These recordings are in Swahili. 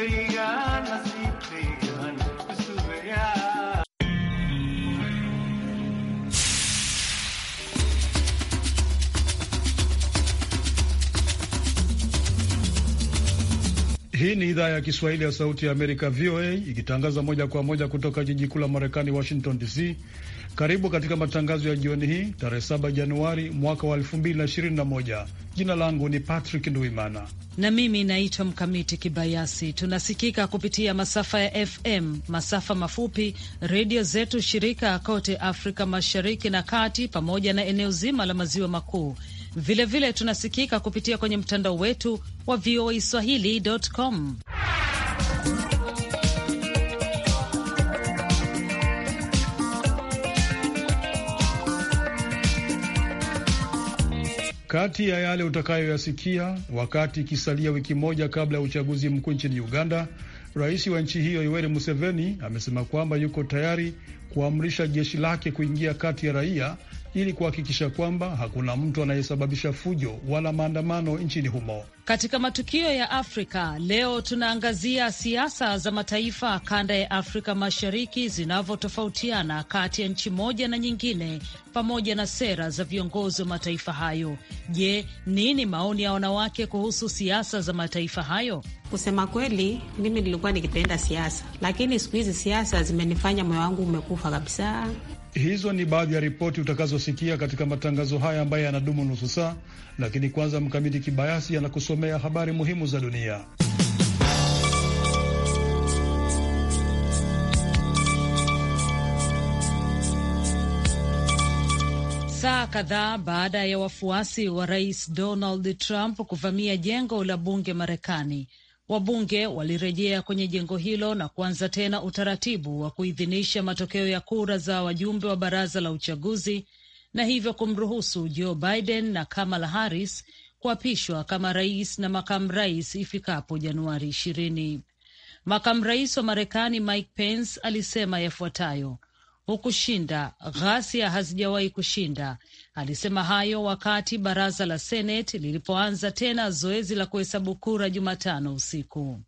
quería así plegar. ni idhaa ya Kiswahili ya Sauti ya Amerika, VOA, ikitangaza moja kwa moja kutoka jiji kuu la Marekani, Washington DC. Karibu katika matangazo ya jioni hii tarehe 7 Januari mwaka wa 2021. Jina langu ni Patrick nduimana na mimi naitwa Mkamiti Kibayasi. Tunasikika kupitia masafa ya FM, masafa mafupi, redio zetu shirika kote Afrika Mashariki na Kati, pamoja na eneo zima la Maziwa Makuu. Vilevile vile tunasikika kupitia kwenye mtandao wetu wa VOA Swahili.com. Kati ya yale utakayoyasikia wakati ikisalia wiki moja kabla ya uchaguzi mkuu nchini Uganda, rais wa nchi hiyo Yoweri Museveni amesema kwamba yuko tayari kuamrisha jeshi lake kuingia kati ya raia ili kuhakikisha kwamba hakuna mtu anayesababisha fujo wala maandamano nchini humo. Katika matukio ya Afrika leo, tunaangazia siasa za mataifa kanda ya Afrika Mashariki zinavyotofautiana kati ya nchi moja na nyingine, pamoja na sera za viongozi wa mataifa hayo. Je, nini maoni ya wanawake kuhusu siasa za mataifa hayo? Kusema kweli, mimi nilikuwa nikipenda siasa, lakini siku hizi siasa zimenifanya moyo wangu umekufa kabisa. Hizo ni baadhi ya ripoti utakazosikia katika matangazo haya ambayo yanadumu nusu saa, lakini kwanza, Mkamiti Kibayasi anakusomea habari muhimu za dunia. Saa kadhaa baada ya wafuasi wa rais Donald Trump kuvamia jengo la bunge Marekani, Wabunge walirejea kwenye jengo hilo na kuanza tena utaratibu wa kuidhinisha matokeo ya kura za wajumbe wa baraza la uchaguzi na hivyo kumruhusu Joe Biden na Kamala Harris kuapishwa kama rais na makamu rais ifikapo Januari ishirini. Makamu rais wa Marekani Mike Pence alisema yafuatayo: hukushinda, ghasia hazijawahi kushinda. Alisema hayo wakati baraza la Seneti lilipoanza tena zoezi la kuhesabu kura Jumatano usiku.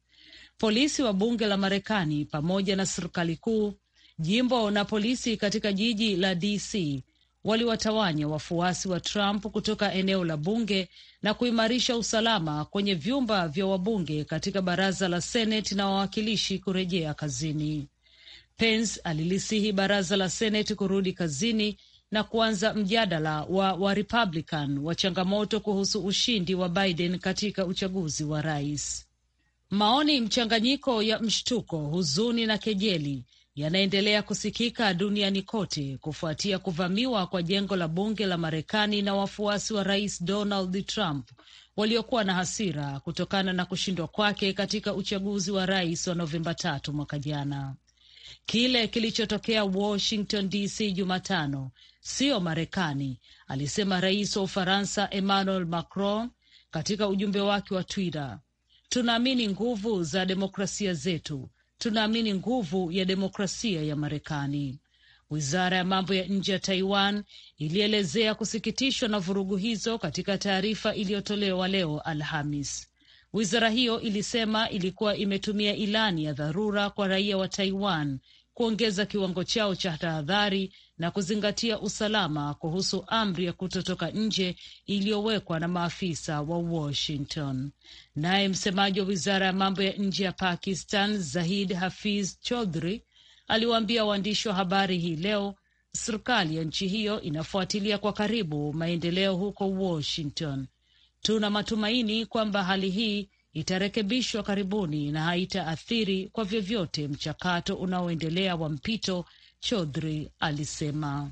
Polisi wa bunge la Marekani pamoja na serikali kuu, jimbo na polisi katika jiji la DC waliwatawanya wafuasi wa Trump kutoka eneo la bunge na kuimarisha usalama kwenye vyumba vya wabunge katika baraza la Seneti na wawakilishi kurejea kazini. Pence alilisihi baraza la Seneti kurudi kazini na kuanza mjadala wa Warepublican wa changamoto kuhusu ushindi wa Biden katika uchaguzi wa rais. Maoni mchanganyiko ya mshtuko, huzuni na kejeli yanaendelea kusikika duniani kote kufuatia kuvamiwa kwa jengo la bunge la Marekani na wafuasi wa rais Donald Trump waliokuwa na hasira kutokana na kushindwa kwake katika uchaguzi wa rais wa Novemba tatu mwaka jana kile kilichotokea Washington DC Jumatano siyo Marekani, alisema rais wa Ufaransa Emmanuel Macron katika ujumbe wake wa Twitter. Tunaamini nguvu za demokrasia zetu, tunaamini nguvu ya demokrasia ya Marekani. Wizara ya mambo ya nje ya Taiwan ilielezea kusikitishwa na vurugu hizo katika taarifa iliyotolewa leo Alhamis. Wizara hiyo ilisema ilikuwa imetumia ilani ya dharura kwa raia wa Taiwan kuongeza kiwango chao cha tahadhari na kuzingatia usalama kuhusu amri ya kutotoka nje iliyowekwa na maafisa wa Washington. Naye msemaji wa wizara ya mambo ya nje ya Pakistan, Zahid Hafiz Chaudhry, aliwaambia waandishi wa habari hii leo serikali ya nchi hiyo inafuatilia kwa karibu maendeleo huko Washington Tuna matumaini kwamba hali hii itarekebishwa karibuni na haitaathiri kwa vyovyote mchakato unaoendelea wa mpito, Chodri alisema.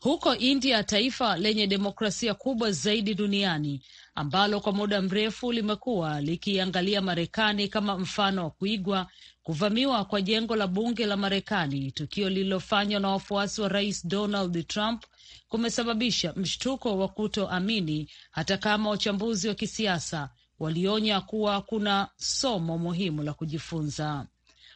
Huko India, taifa lenye demokrasia kubwa zaidi duniani ambalo kwa muda mrefu limekuwa likiangalia Marekani kama mfano wa kuigwa, kuvamiwa kwa jengo la bunge la Marekani, tukio lililofanywa na wafuasi wa rais Donald Trump kumesababisha mshtuko wa kutoamini, hata kama wachambuzi wa kisiasa walionya kuwa kuna somo muhimu la kujifunza.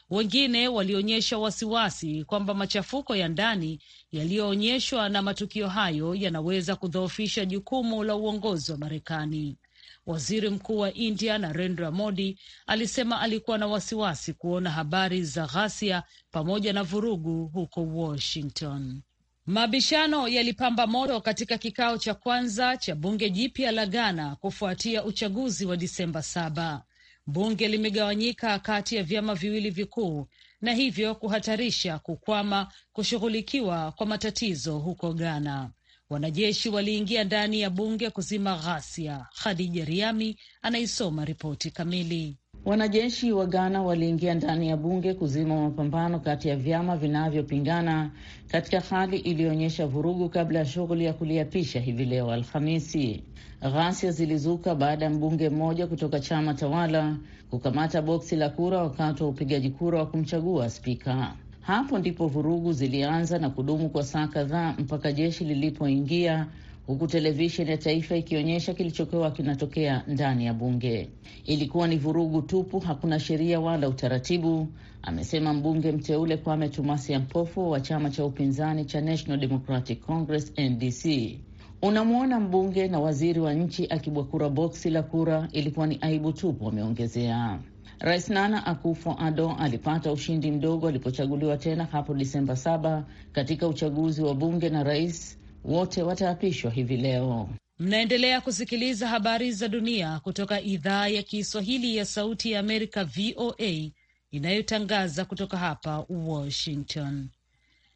Wengine walionyesha wasiwasi kwamba machafuko ya ndani yaliyoonyeshwa na matukio hayo yanaweza kudhoofisha jukumu la uongozi wa Marekani. Waziri Mkuu wa India Narendra Modi alisema alikuwa na wasiwasi kuona habari za ghasia pamoja na vurugu huko Washington. Mabishano yalipamba moto katika kikao cha kwanza cha bunge jipya la Ghana kufuatia uchaguzi wa Disemba saba. Bunge limegawanyika kati ya vyama viwili vikuu na hivyo kuhatarisha kukwama kushughulikiwa kwa matatizo huko Ghana. Wanajeshi waliingia ndani ya bunge kuzima ghasia. Khadija Riami anaisoma ripoti kamili. Wanajeshi wa Ghana waliingia ndani ya bunge kuzima mapambano kati ya vyama vinavyopingana katika hali iliyoonyesha vurugu kabla ya shughuli ya kuliapisha hivi leo Alhamisi. Ghasia zilizuka baada ya mbunge mmoja kutoka chama tawala kukamata boksi la kura wakati wa upigaji kura wa kumchagua spika. Hapo ndipo vurugu zilianza na kudumu kwa saa kadhaa mpaka jeshi lilipoingia huku televisheni ya taifa ikionyesha kilichokuwa kinatokea ndani ya bunge. Ilikuwa ni vurugu tupu, hakuna sheria wala utaratibu, amesema mbunge mteule Kwame ya Mpofu wa chama cha upinzani cha National Democratic Congress NDC. Unamwona mbunge na waziri wa nchi akibwakura boksi la kura, ilikuwa ni aibu tupu, wameongezea. Rais Nana akufo ado alipata ushindi mdogo alipochaguliwa tena hapo Disemba 7 katika uchaguzi wa bunge na rais wote wataapishwa hivi leo. Mnaendelea kusikiliza habari za dunia kutoka idhaa ya Kiswahili ya Sauti ya Amerika, VOA, inayotangaza kutoka hapa Washington.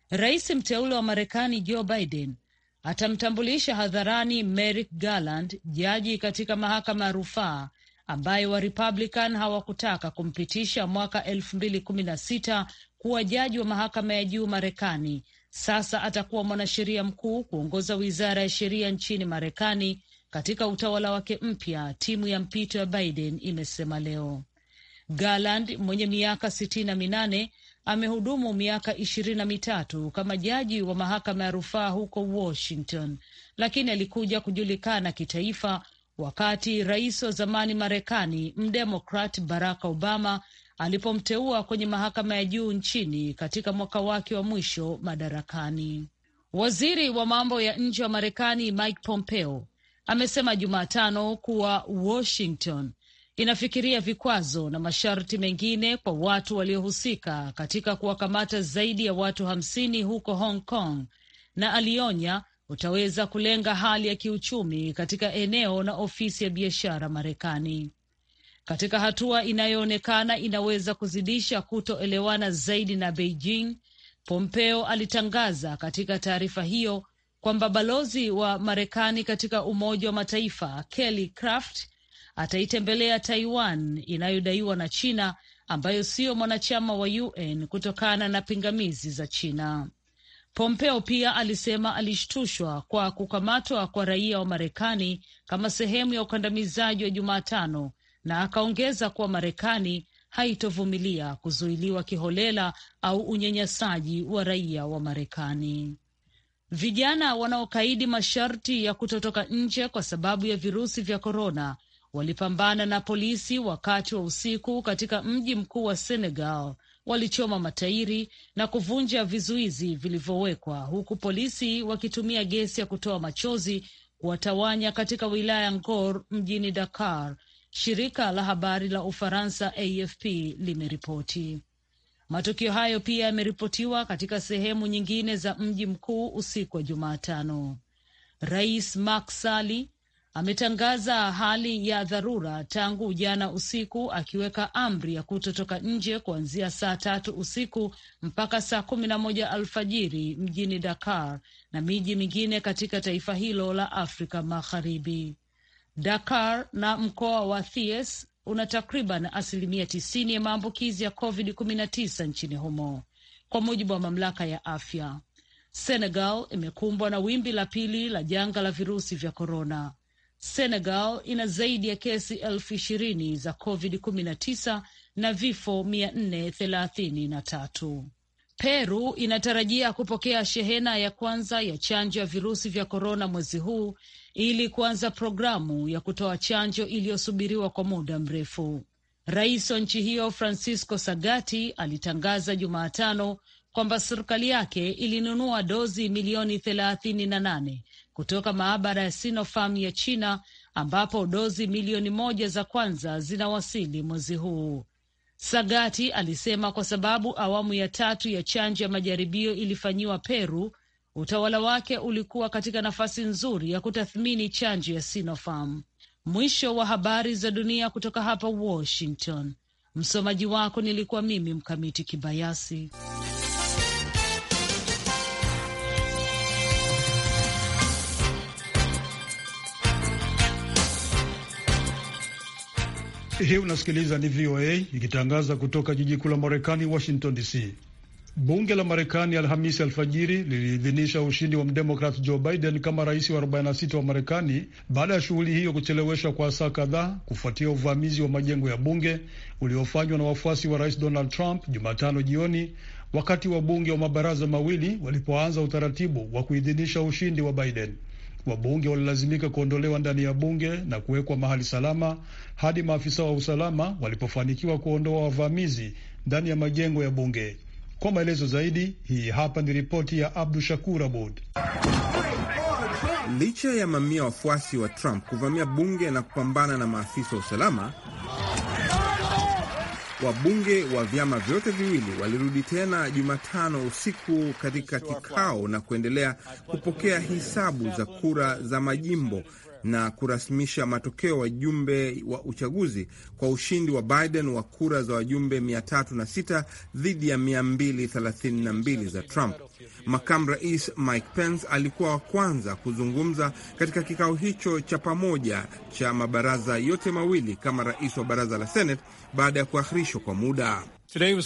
Rais mteule wa Marekani Joe Biden atamtambulisha hadharani Merrick Garland, jaji katika mahakama ya rufaa ambaye Warepublican hawakutaka kumpitisha mwaka 2016 kuwa jaji wa mahakama ya juu Marekani sasa atakuwa mwanasheria mkuu kuongoza wizara ya sheria nchini Marekani katika utawala wake mpya, timu ya mpito ya Biden imesema leo. Garland mwenye miaka sitini na minane amehudumu miaka ishirini na mitatu kama jaji wa mahakama ya rufaa huko Washington, lakini alikuja kujulikana kitaifa wakati rais wa zamani Marekani mdemokrat Barack Obama alipomteua kwenye mahakama ya juu nchini katika mwaka wake wa mwisho madarakani. Waziri wa mambo ya nje wa Marekani Mike Pompeo amesema Jumatano kuwa Washington inafikiria vikwazo na masharti mengine kwa watu waliohusika katika kuwakamata zaidi ya watu hamsini huko Hong Kong, na alionya utaweza kulenga hali ya kiuchumi katika eneo na ofisi ya biashara Marekani katika hatua inayoonekana inaweza kuzidisha kutoelewana zaidi na Beijing. Pompeo alitangaza katika taarifa hiyo kwamba balozi wa Marekani katika Umoja wa Mataifa Kelly Craft ataitembelea Taiwan inayodaiwa na China ambayo siyo mwanachama wa UN kutokana na pingamizi za China. Pompeo pia alisema alishtushwa kwa kukamatwa kwa raia wa Marekani kama sehemu ya ukandamizaji wa Jumatano na akaongeza kuwa Marekani haitovumilia kuzuiliwa kiholela au unyanyasaji wa raia wa Marekani. Vijana wanaokaidi masharti ya kutotoka nje kwa sababu ya virusi vya korona walipambana na polisi wakati wa usiku katika mji mkuu wa Senegal. Walichoma matairi na kuvunja vizuizi vilivyowekwa, huku polisi wakitumia gesi ya kutoa machozi kuwatawanya katika wilaya Ngor mjini Dakar shirika la habari la Ufaransa AFP limeripoti. Matukio hayo pia yameripotiwa katika sehemu nyingine za mji mkuu usiku wa Jumatano. Rais Macky Sall ametangaza hali ya dharura tangu jana usiku, akiweka amri ya kutotoka nje kuanzia saa tatu usiku mpaka saa kumi na moja alfajiri mjini Dakar na miji mingine katika taifa hilo la Afrika Magharibi. Dakar na mkoa wa Thies una takriban asilimia tisini ya maambukizi ya COVID-19 nchini humo kwa mujibu wa mamlaka ya afya. Senegal imekumbwa na wimbi la pili la janga la virusi vya korona. Senegal ina zaidi ya kesi elfu ishirini za COVID-19 na vifo mia nne thelathini na tatu. Peru inatarajia kupokea shehena ya kwanza ya chanjo ya virusi vya korona mwezi huu ili kuanza programu ya kutoa chanjo iliyosubiriwa kwa muda mrefu. Rais wa nchi hiyo Francisco Sagasti alitangaza Jumatano kwamba serikali yake ilinunua dozi milioni thelathini na nane kutoka maabara ya Sinopharm ya China ambapo dozi milioni moja za kwanza zinawasili mwezi huu. Sagati alisema kwa sababu awamu ya tatu ya chanjo ya majaribio ilifanyiwa Peru, utawala wake ulikuwa katika nafasi nzuri ya kutathmini chanjo ya Sinopharm. Mwisho wa habari za dunia kutoka hapa Washington. Msomaji wako nilikuwa mimi Mkamiti Kibayasi. Hii unasikiliza ni VOA ikitangaza kutoka jiji kuu la Marekani, Washington DC. Bunge la Marekani Alhamisi alfajiri liliidhinisha ushindi wa mdemokrat Joe Biden kama rais wa 46 wa Marekani baada ya shughuli hiyo kucheleweshwa kwa saa kadhaa kufuatia uvamizi wa majengo ya bunge uliofanywa na wafuasi wa rais Donald Trump Jumatano jioni, wakati wa bunge wa mabaraza mawili walipoanza utaratibu wa kuidhinisha ushindi wa Biden. Wabunge walilazimika kuondolewa ndani ya bunge na kuwekwa mahali salama hadi maafisa wa usalama walipofanikiwa kuondoa wavamizi ndani ya majengo ya bunge. Kwa maelezo zaidi, hii hapa ni ripoti ya Abdu Shakur Abud. Licha ya mamia wafuasi wa Trump kuvamia bunge na kupambana na maafisa wa usalama Wabunge wa vyama vyote viwili walirudi tena Jumatano usiku katika kikao na kuendelea kupokea hisabu za kura za majimbo na kurasmisha matokeo wajumbe wa uchaguzi kwa ushindi wa Biden wa kura za wajumbe 306 dhidi ya 232 za Trump. Makamu Rais Mike Pence alikuwa wa kwanza kuzungumza katika kikao hicho cha pamoja cha mabaraza yote mawili kama rais wa baraza la Senate baada ya kuahirishwa kwa muda. Leo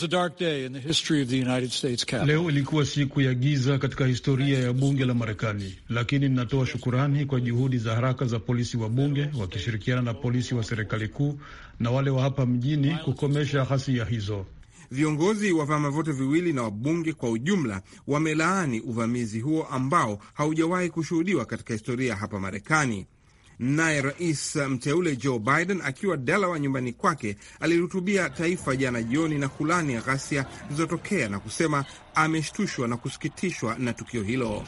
ilikuwa siku ya giza katika historia ya bunge la Marekani, lakini ninatoa shukurani kwa juhudi za haraka za polisi wa bunge wakishirikiana na polisi wa serikali kuu na wale wa hapa mjini kukomesha ghasia hizo. Viongozi wa vyama vyote viwili na wabunge kwa ujumla wamelaani uvamizi huo ambao haujawahi kushuhudiwa katika historia hapa Marekani. Naye rais mteule Joe Biden akiwa Delaware nyumbani kwake alihutubia taifa jana jioni na kulani ghasia zilizotokea na kusema ameshtushwa na kusikitishwa na tukio hilo.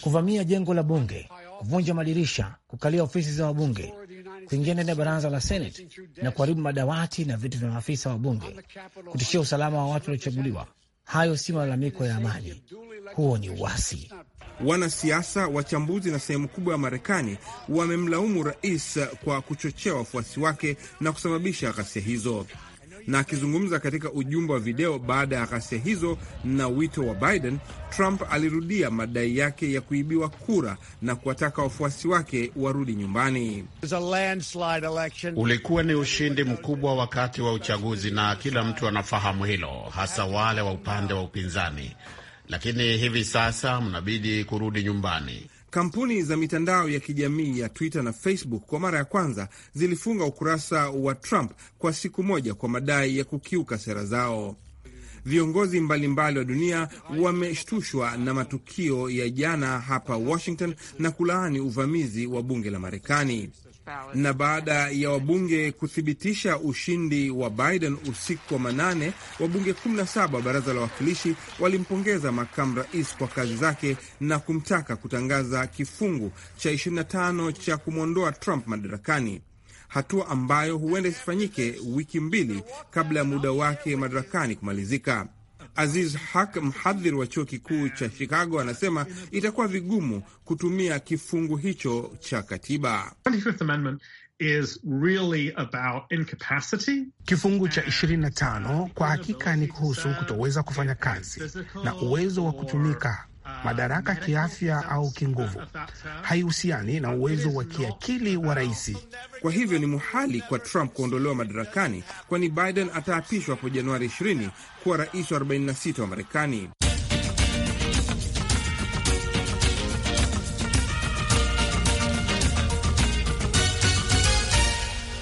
Kuvamia jengo la bunge, kuvunja madirisha, kukalia ofisi za wabunge, kuingia ndani ya baraza la senate na kuharibu madawati na vitu vya maafisa wa bunge, kutishia usalama wa watu waliochaguliwa. Hayo si malalamiko ya amani, huo ni uasi. Wanasiasa, wachambuzi na sehemu kubwa ya Marekani wamemlaumu rais kwa kuchochea wafuasi wake na kusababisha ghasia hizo. Na akizungumza katika ujumbe wa video baada ya ghasia hizo na wito wa Biden, Trump alirudia madai yake ya kuibiwa kura na kuwataka wafuasi wake warudi nyumbani. Ulikuwa ni ushindi mkubwa wakati wa uchaguzi, na kila mtu anafahamu hilo, hasa wale wa upande wa upinzani lakini hivi sasa mnabidi kurudi nyumbani. Kampuni za mitandao ya kijamii ya Twitter na Facebook kwa mara ya kwanza zilifunga ukurasa wa Trump kwa siku moja kwa madai ya kukiuka sera zao. Viongozi mbalimbali wa dunia wameshtushwa na matukio ya jana hapa Washington na kulaani uvamizi wa bunge la Marekani na baada ya wabunge kuthibitisha ushindi wa Biden usiku wa manane, wabunge 17 wa baraza la wawakilishi walimpongeza makamu rais kwa kazi zake na kumtaka kutangaza kifungu cha 25 cha kumwondoa Trump madarakani, hatua ambayo huenda isifanyike wiki mbili kabla ya muda wake madarakani kumalizika. Aziz Hak, mhadhiri wa chuo kikuu cha Chicago, anasema itakuwa vigumu kutumia kifungu hicho cha katiba. Is really about incapacity. Kifungu cha 25 kwa hakika ni kuhusu kutoweza kufanya kazi na uwezo wa kutumika madaraka kiafya au kinguvu, haihusiani na uwezo wa kiakili wa raisi Kwa hivyo ni muhali kwa Trump kuondolewa madarakani, kwani Biden ataapishwa hapo Januari 20 kuwa rais wa 46 wa Marekani.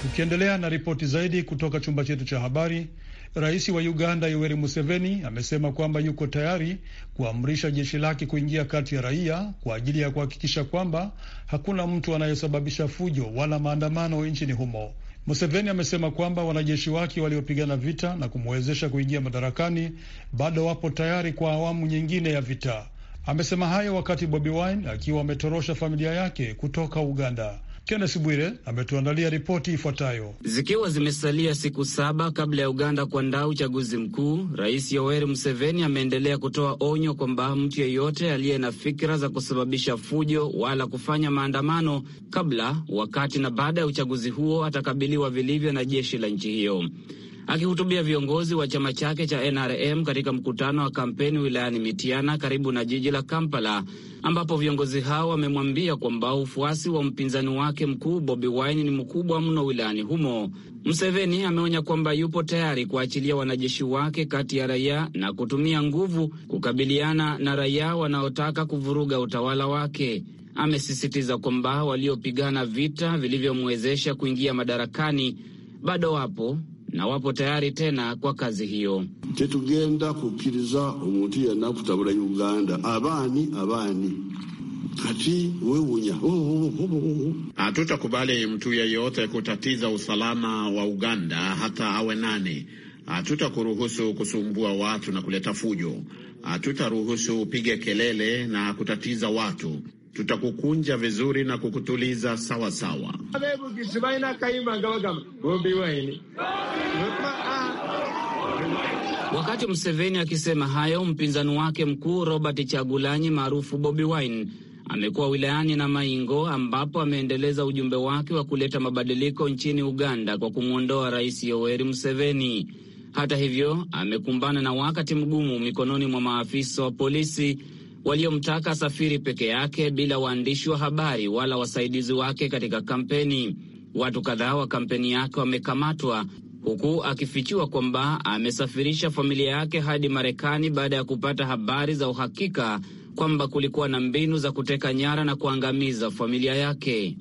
Tukiendelea na ripoti zaidi kutoka chumba chetu cha habari. Rais wa Uganda Yoweri Museveni amesema kwamba yuko tayari kuamrisha jeshi lake kuingia kati ya raia kwa ajili ya kuhakikisha kwamba hakuna mtu anayesababisha fujo wala maandamano nchini humo. Museveni amesema kwamba wanajeshi wake waliopigana vita na kumwezesha kuingia madarakani bado wapo tayari kwa awamu nyingine ya vita. Amesema hayo wakati Bobi Wine akiwa ametorosha familia yake kutoka Uganda kenes Bwire ametuandalia ripoti ifuatayo. Zikiwa zimesalia siku saba kabla ya Uganda kuandaa uchaguzi mkuu, Rais Yoweri Museveni ameendelea kutoa onyo kwamba mtu yeyote aliye na fikira za kusababisha fujo wala kufanya maandamano kabla, wakati na baada ya uchaguzi huo atakabiliwa vilivyo na jeshi la nchi hiyo. Akihutubia viongozi wa chama chake cha NRM katika mkutano wa kampeni wilayani Mitiana karibu na jiji la Kampala, ambapo viongozi hao wamemwambia kwamba ufuasi wa mpinzani wake mkuu Bobi Wine ni mkubwa mno wilayani humo. mseveni ameonya kwamba yupo tayari kuachilia wanajeshi wake kati ya raia na kutumia nguvu kukabiliana na raia wanaotaka kuvuruga utawala wake. Amesisitiza kwamba waliopigana vita vilivyomwezesha kuingia madarakani bado wapo na wapo tayari tena kwa kazi hiyo. tetugenda kukiriza omuntu yenna kutabula uganda abaani abaani kati wewunya hatutakubali mtu yeyote kutatiza usalama wa Uganda hata awe nani. Hatutakuruhusu kusumbua watu na kuleta fujo. Hatutaruhusu upige kelele na kutatiza watu tutakukunja vizuri na kukutuliza sawa sawa. Wakati mseveni akisema hayo, mpinzani wake mkuu Robert Chagulanyi maarufu Bobi Wine amekuwa wilayani na Maingo ambapo ameendeleza ujumbe wake wa kuleta mabadiliko nchini Uganda kwa kumwondoa Rais Yoweri Museveni. Hata hivyo, amekumbana na wakati mgumu mikononi mwa maafisa wa polisi waliomtaka asafiri peke yake bila waandishi wa habari wala wasaidizi wake katika kampeni. Watu kadhaa wa kampeni yake wamekamatwa huku akifichiwa kwamba amesafirisha familia yake hadi Marekani baada ya kupata habari za uhakika kwamba kulikuwa na mbinu za kuteka nyara na kuangamiza familia yake.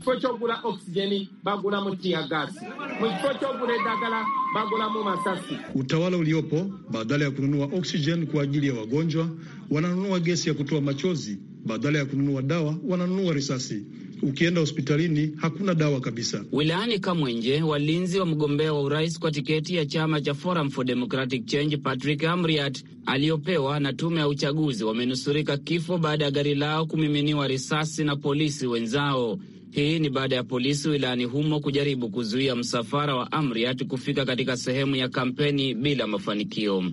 Utawala uliopo badala ya kununua oksijen kwa ajili ya wagonjwa wananunua gesi ya kutoa machozi, badala ya kununua dawa wananunua risasi. Ukienda hospitalini hakuna dawa kabisa. Wilayani Kamwenje, walinzi wa mgombea wa urais kwa tiketi ya chama cha Forum for Democratic Change Patrick Amriat aliyopewa na tume ya uchaguzi wamenusurika kifo baada ya gari lao kumiminiwa risasi na polisi wenzao. Hii ni baada ya polisi wilayani humo kujaribu kuzuia msafara wa Amriat kufika katika sehemu ya kampeni bila mafanikio.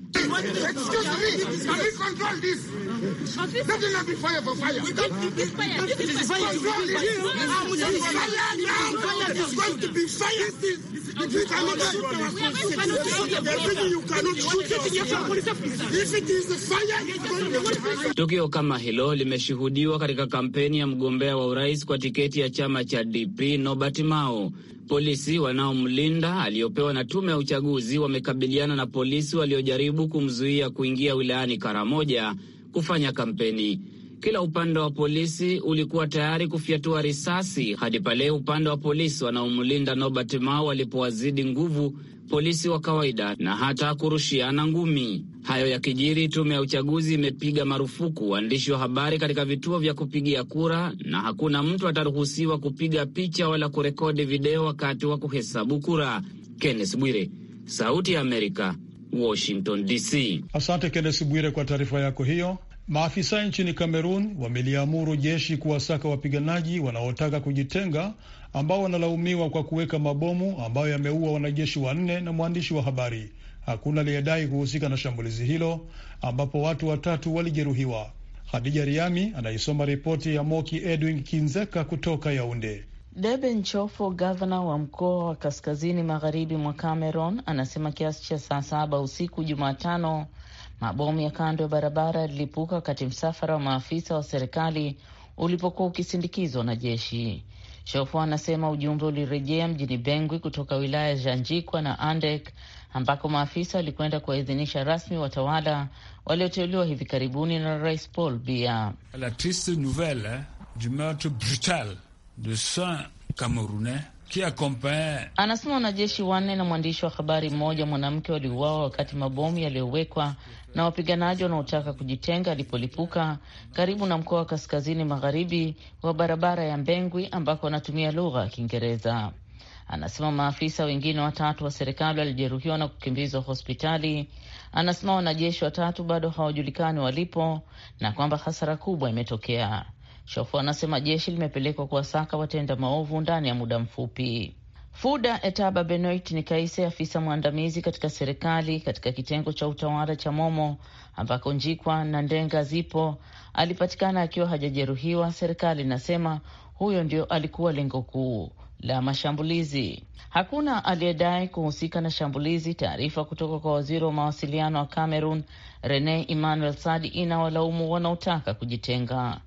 Tukio kama hilo limeshuhudiwa katika kampeni ya mgombea wa urais kwa tiketi ya chama chama cha DP Nobert Mao. Polisi wanaomlinda aliyopewa na tume ya uchaguzi wamekabiliana na polisi waliojaribu kumzuia kuingia wilayani Karamoja kufanya kampeni. Kila upande wa polisi ulikuwa tayari kufyatua risasi hadi pale upande wa polisi wanaomlinda Nobert Mao walipowazidi nguvu polisi wa kawaida na hata kurushiana ngumi. Hayo ya kijiri tume ya uchaguzi imepiga marufuku waandishi wa habari katika vituo vya kupigia kura, na hakuna mtu ataruhusiwa kupiga picha wala kurekodi video wakati wa kuhesabu kura. Kenneth Bwire, Sauti ya Amerika, Washington DC. Asante Kenneth Bwire kwa taarifa yako hiyo. Maafisa nchini Kamerun wameliamuru jeshi kuwasaka wapiganaji wanaotaka kujitenga ambao wanalaumiwa kwa kuweka mabomu ambayo yameua wanajeshi wanne na mwandishi wa habari. Hakuna aliyedai kuhusika na shambulizi hilo ambapo watu watatu walijeruhiwa. Hadija Riami anaisoma ripoti ya Moki Edwin Kinzeka kutoka Yaunde. debe nchofo gavana wa mkoa wa kaskazini magharibi mwa Cameron, anasema kiasi cha saa saba usiku Jumatano mabomu ya kando ya barabara yalilipuka wakati msafara wa maafisa wa serikali ulipokuwa ukisindikizwa na jeshi. Shofo anasema ujumbe ulirejea mjini Bengwi kutoka wilaya ya Janjikwa na Andek ambako maafisa walikwenda kuwaidhinisha rasmi watawala walioteuliwa hivi karibuni na Rais Paul bia La triste nouvelle du meurtre brutal de cent Camerounais anasema wanajeshi wanne na mwandishi wa habari mmoja mwanamke waliuawa wakati mabomu yaliyowekwa na wapiganaji wanaotaka kujitenga alipolipuka karibu na mkoa wa kaskazini magharibi wa barabara ya Mbengwi ambako wanatumia lugha ya Kiingereza. Anasema maafisa wengine watatu wa serikali walijeruhiwa na kukimbizwa hospitali. Anasema wanajeshi watatu bado hawajulikani walipo na kwamba hasara kubwa imetokea. Shofu anasema jeshi limepelekwa kuwasaka watenda maovu ndani ya muda mfupi. Fuda Etaba Benoit ni Kaise, afisa mwandamizi katika serikali katika kitengo cha utawala cha Momo ambako Njikwa na Ndenga zipo. Alipatikana akiwa hajajeruhiwa. Serikali inasema huyo ndio alikuwa lengo kuu la mashambulizi. Hakuna aliyedai kuhusika na shambulizi. Taarifa kutoka kwa waziri wa mawasiliano wa Cameroon Rene Emmanuel Sadi inawalaumu wanaotaka kujitenga.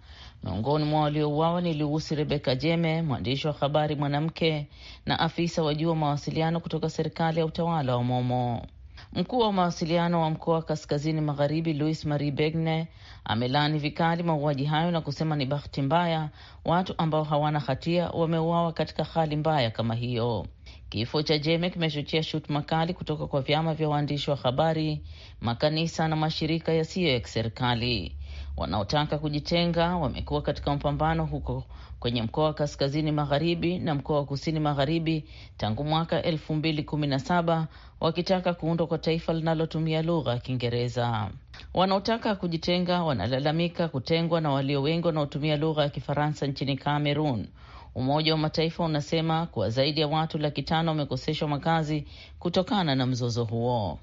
Miongoni mwa waliouawa ni Luusi Rebeka Jeme, mwandishi wa habari mwanamke na afisa wa juu wa mawasiliano kutoka serikali ya utawala wa Momo. Mkuu wa mawasiliano wa mkoa wa kaskazini magharibi Louis Marie Begne amelaani vikali mauaji hayo na kusema ni bahati mbaya watu ambao hawana hatia wameuawa katika hali mbaya kama hiyo. Kifo cha Jeme kimechochea shutuma kali kutoka kwa vyama vya waandishi wa habari, makanisa na mashirika yasiyo ya kiserikali. Wanaotaka kujitenga wamekuwa katika mapambano huko kwenye mkoa wa kaskazini magharibi na mkoa wa kusini magharibi tangu mwaka elfu mbili kumi na saba wakitaka kuundwa kwa taifa linalotumia lugha ya Kiingereza. Wanaotaka kujitenga wanalalamika kutengwa na walio wengi wanaotumia lugha ya Kifaransa nchini Kamerun. Umoja wa Mataifa unasema kuwa zaidi ya watu laki tano wamekoseshwa makazi kutokana na mzozo huo.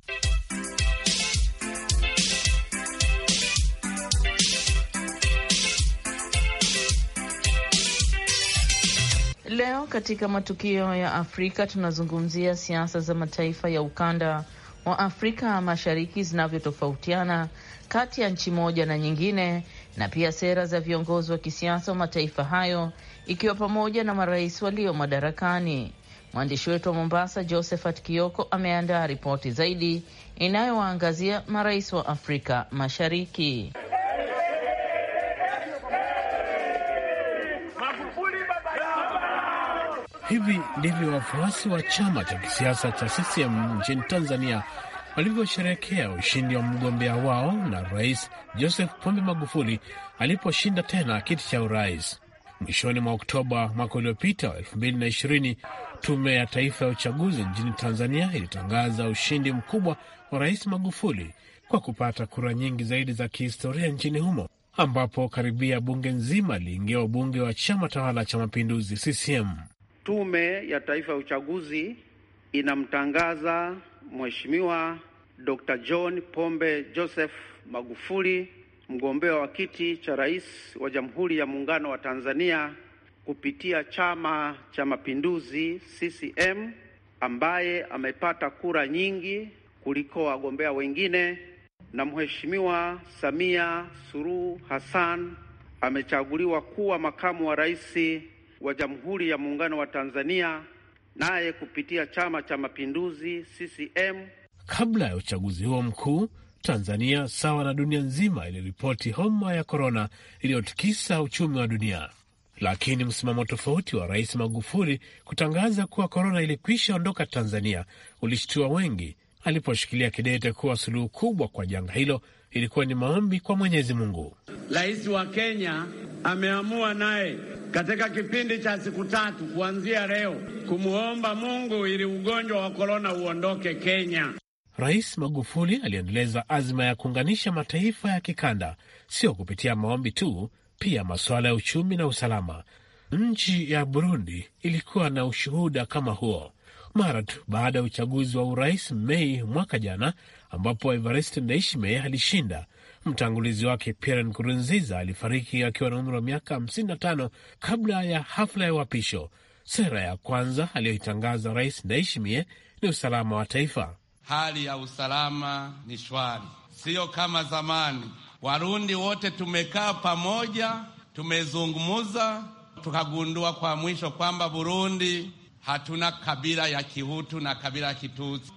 Leo katika matukio ya Afrika tunazungumzia siasa za mataifa ya ukanda wa Afrika Mashariki zinavyotofautiana kati ya nchi moja na nyingine, na pia sera za viongozi wa kisiasa wa mataifa hayo, ikiwa pamoja na marais walio madarakani. Mwandishi wetu wa Mombasa, Josephat Kioko, ameandaa ripoti zaidi inayowaangazia marais wa Afrika Mashariki. Hivi ndivyo wafuasi wa chama cha kisiasa cha CCM nchini Tanzania walivyosherehekea ushindi wa mgombea wao na Rais Joseph Pombe Magufuli aliposhinda tena kiti cha urais. Mwishoni mwa Oktoba mwaka uliopita wa 2020, Tume ya Taifa ya Uchaguzi nchini Tanzania ilitangaza ushindi mkubwa wa Rais Magufuli kwa kupata kura nyingi zaidi za kihistoria nchini humo, ambapo karibia bunge nzima liingia ubunge wa chama tawala cha Mapinduzi CCM. Tume ya Taifa ya Uchaguzi inamtangaza Mheshimiwa Dr. John Pombe Joseph Magufuli mgombea wa kiti cha rais wa Jamhuri ya Muungano wa Tanzania kupitia Chama cha Mapinduzi CCM ambaye amepata kura nyingi kuliko wagombea wengine, na Mheshimiwa Samia Suluhu Hassan amechaguliwa kuwa makamu wa rais wa Jamhuri ya Muungano wa Tanzania, naye kupitia Chama cha Mapinduzi CCM. Kabla ya uchaguzi huo mkuu, Tanzania sawa na dunia nzima iliripoti homa ya korona iliyotikisa uchumi wa dunia, lakini msimamo tofauti wa Rais Magufuli kutangaza kuwa korona ilikwisha ondoka Tanzania ulishtua wengi aliposhikilia kidete kuwa suluhu kubwa kwa janga hilo ilikuwa ni maombi kwa Mwenyezi Mungu. Rais wa Kenya ameamua naye katika kipindi cha siku tatu kuanzia leo kumwomba Mungu ili ugonjwa wa korona uondoke Kenya. Rais Magufuli aliendeleza azma ya kuunganisha mataifa ya kikanda, sio kupitia maombi tu, pia masuala ya uchumi na usalama. Nchi ya Burundi ilikuwa na ushuhuda kama huo mara tu baada ya uchaguzi wa urais Mei mwaka jana ambapo Evarist Ndayishimiye alishinda. Mtangulizi wake Pierre Nkurunziza alifariki akiwa na umri wa miaka 55 kabla ya hafla ya uapisho. Sera ya kwanza aliyoitangaza Rais Ndayishimiye ni usalama wa taifa. Hali ya usalama ni shwari, siyo kama zamani. Warundi wote tumekaa pamoja, tumezungumuza tukagundua kwa mwisho kwamba Burundi hatuna kabila ya Kihutu na kabila ya Kitutsi.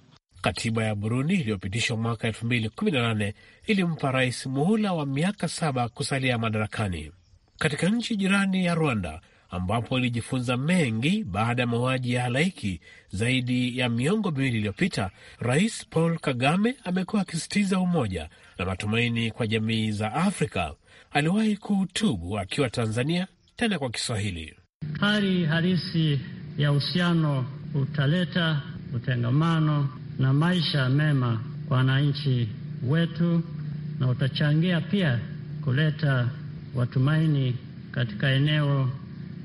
Katiba ya Burundi iliyopitishwa mwaka 2018 ilimpa rais muhula wa miaka saba kusalia madarakani. Katika nchi jirani ya Rwanda, ambapo ilijifunza mengi baada ya mauaji ya halaiki zaidi ya miongo miwili iliyopita, rais Paul Kagame amekuwa akisisitiza umoja na matumaini kwa jamii za Afrika. Aliwahi kuhutubu akiwa Tanzania, tena kwa Kiswahili. Hali halisi ya uhusiano utaleta utengamano na maisha mema kwa wananchi wetu, na utachangia pia kuleta watumaini katika eneo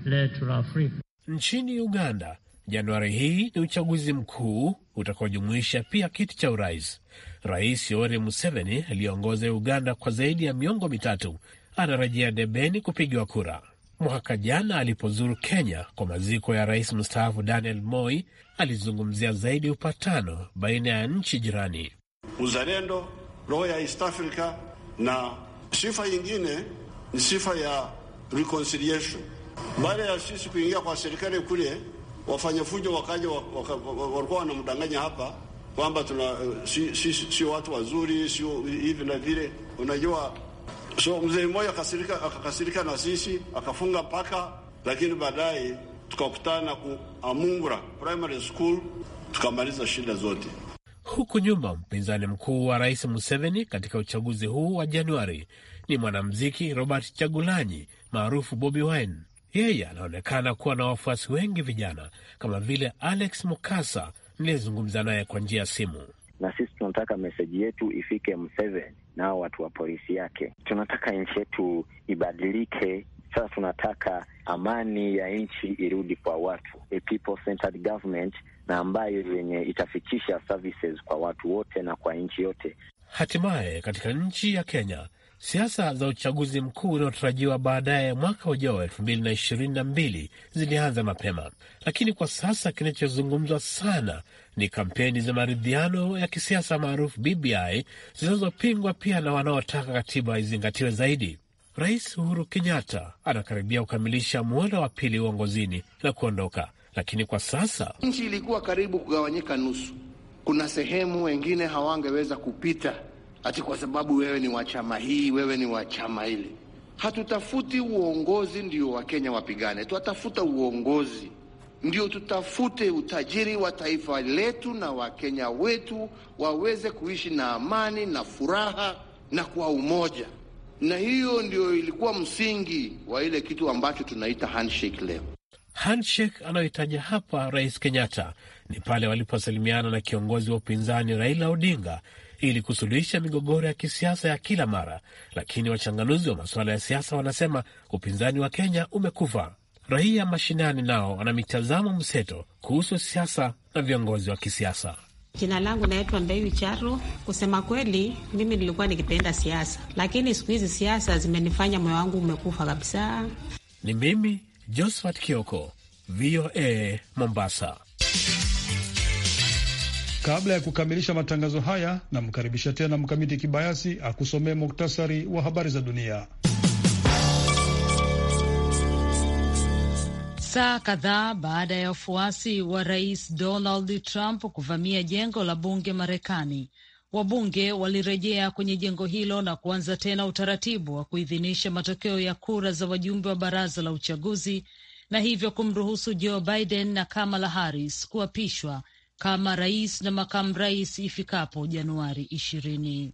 letu la Afrika. Nchini Uganda, Januari hii ni uchaguzi mkuu utakaojumuisha pia kiti cha urais. Rais Yoweri Museveni aliyeongoza Uganda kwa zaidi ya miongo mitatu anarejea debeni kupigiwa kura mwaka jana alipozuru Kenya kwa maziko ya rais mstaafu Daniel Moi, alizungumzia zaidi upatano baina ya nchi jirani, uzalendo, roho ya East Africa, na sifa yingine ni sifa ya reconciliation. Baada ya sisi kuingia kwa serikali kule, wafanya fujo wakaja, walikuwa wanamdanganya hapa kwamba tuna si, eh, si, si, si watu wazuri, sio hivi na vile, unajua So mzee mmoja akakasirika na sisi akafunga paka, lakini baadaye tukakutana Amungura primary school tukamaliza shida zote. Huku nyuma mpinzani mkuu wa rais Museveni katika uchaguzi huu wa Januari ni mwanamuziki Robert Chagulanyi maarufu Bobi Wine. Yeye anaonekana kuwa na wafuasi wengi vijana kama vile Alex Mukasa niliyezungumza naye kwa njia ya simu na sisi tunataka meseji yetu ifike Mseveni na watu wa polisi yake. Tunataka nchi yetu ibadilike. Sasa tunataka amani ya nchi irudi kwa watu, a people centered government, na ambayo yenye itafikisha services kwa watu wote na kwa nchi yote. Hatimaye katika nchi ya Kenya Siasa za uchaguzi mkuu unaotarajiwa baadaye mwaka ujao elfu mbili na ishirini na mbili zilianza mapema, lakini kwa sasa kinachozungumzwa sana ni kampeni za maridhiano ya kisiasa maarufu BBI zinazopingwa pia na wanaotaka katiba izingatiwe zaidi. Rais Uhuru Kenyatta anakaribia kukamilisha muhula wa pili uongozini na kuondoka, lakini kwa sasa nchi ilikuwa karibu kugawanyika nusu. Kuna sehemu wengine hawangeweza kupita ati kwa sababu wewe ni wa chama hii, wewe ni wa chama hili. Hatutafuti uongozi ndio Wakenya wapigane, twatafuta uongozi ndio tutafute utajiri wa taifa letu na Wakenya wetu waweze kuishi na amani na furaha na kwa umoja, na hiyo ndio ilikuwa msingi wa ile kitu ambacho tunaita handshake leo. Handshake anayohitaja hapa Rais Kenyatta ni pale waliposalimiana na kiongozi wa upinzani Raila Odinga ili kusuluhisha migogoro ya kisiasa ya kila mara, lakini wachanganuzi wa masuala ya siasa wanasema upinzani wa Kenya umekufa. Raia mashinani nao wana mitazamo mseto kuhusu siasa na viongozi wa kisiasa. Jina langu naitwa Mbeyu Charo. Kusema kweli, mimi nilikuwa nikipenda siasa, lakini siku hizi siasa zimenifanya moyo wangu umekufa kabisa. Ni mimi Josephat Kioko, VOA Mombasa. Kabla ya kukamilisha matangazo haya, namkaribisha tena Mkamiti Kibayasi akusomee muktasari wa habari za dunia. Saa kadhaa baada ya wafuasi wa rais Donald Trump kuvamia jengo la bunge Marekani, wabunge walirejea kwenye jengo hilo na kuanza tena utaratibu wa kuidhinisha matokeo ya kura za wajumbe wa baraza la uchaguzi na hivyo kumruhusu Joe Biden na Kamala Harris kuapishwa kama rais na makamu rais ifikapo Januari ishirini.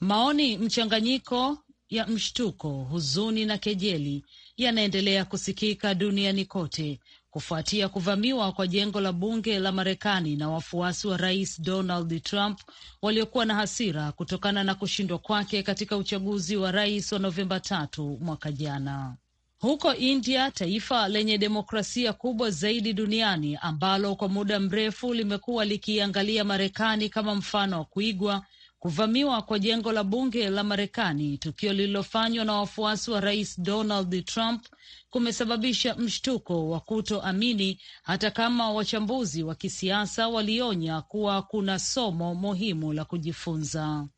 Maoni mchanganyiko ya mshtuko, huzuni na kejeli yanaendelea kusikika duniani kote kufuatia kuvamiwa kwa jengo la bunge la Marekani na wafuasi wa rais Donald Trump waliokuwa na hasira kutokana na kushindwa kwake katika uchaguzi wa rais wa Novemba tatu mwaka jana. Huko India, taifa lenye demokrasia kubwa zaidi duniani ambalo kwa muda mrefu limekuwa likiangalia Marekani kama mfano wa kuigwa, kuvamiwa kwa jengo la bunge la Marekani, tukio lililofanywa na wafuasi wa rais Donald Trump kumesababisha mshtuko wa kutoamini, hata kama wachambuzi wa kisiasa walionya kuwa kuna somo muhimu la kujifunza.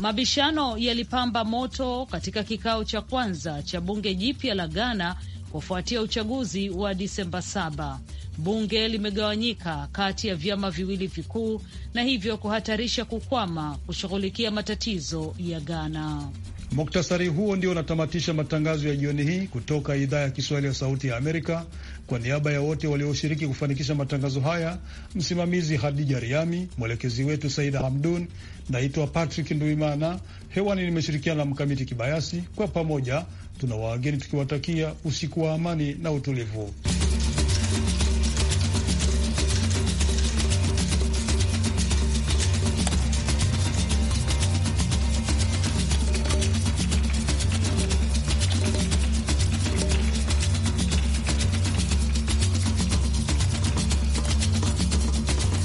Mabishano yalipamba moto katika kikao cha kwanza cha bunge jipya la Ghana kufuatia uchaguzi wa Disemba saba. Bunge limegawanyika kati ya vyama viwili vikuu na hivyo kuhatarisha kukwama kushughulikia matatizo ya Ghana. Muktasari huo ndio unatamatisha matangazo ya jioni hii kutoka idhaa ya Kiswahili ya Sauti ya Amerika. Kwa niaba ya wote walioshiriki kufanikisha matangazo haya, msimamizi Hadija Riami, mwelekezi wetu Saida Hamdun. Naitwa Patrick Nduimana, hewani nimeshirikiana na Mkamiti Kibayasi. Kwa pamoja tuna waageni tukiwatakia usiku wa amani na utulivu.